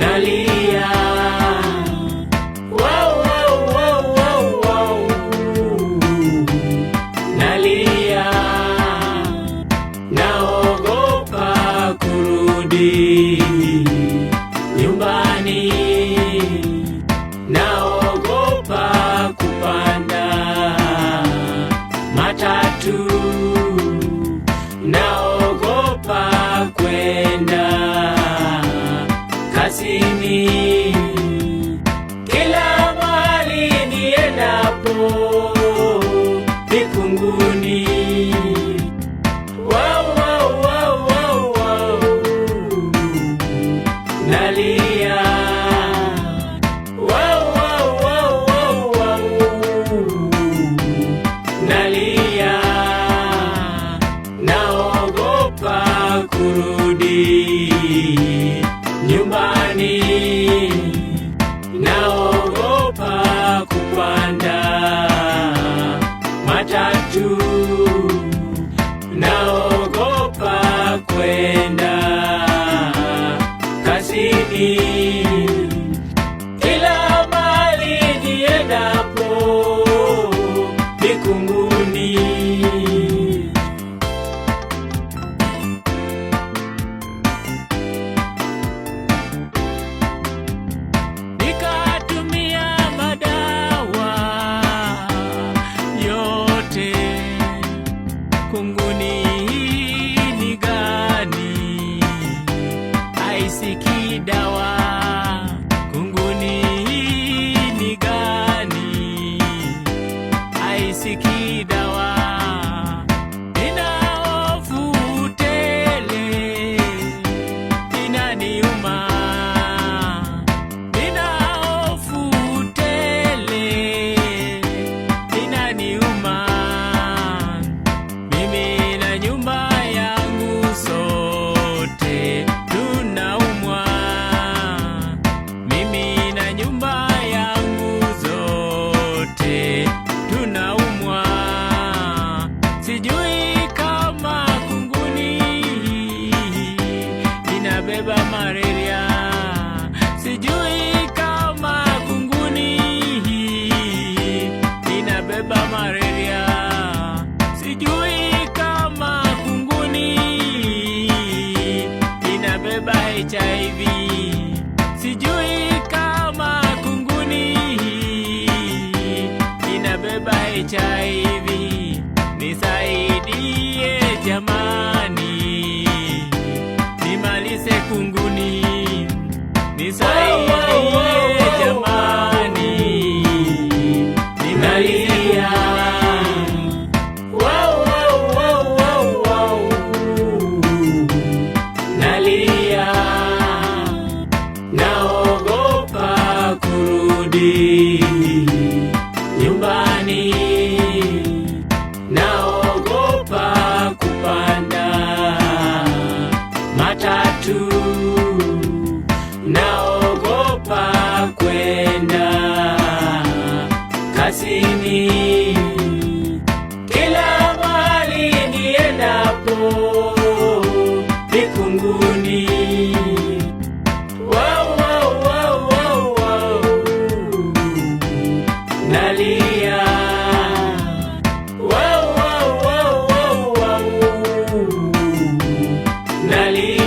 nalia naogopa kurudi nyumbani, naogopa kupanda matatu, naogopa kwenda mbinguni. Nalia. Nalia. Naogopa kurudi. do si kidawa HIV sijui kama kunguni inabeba HIV nisaidie jamani nimalize kunguni nisaidie Nalia. Nalia.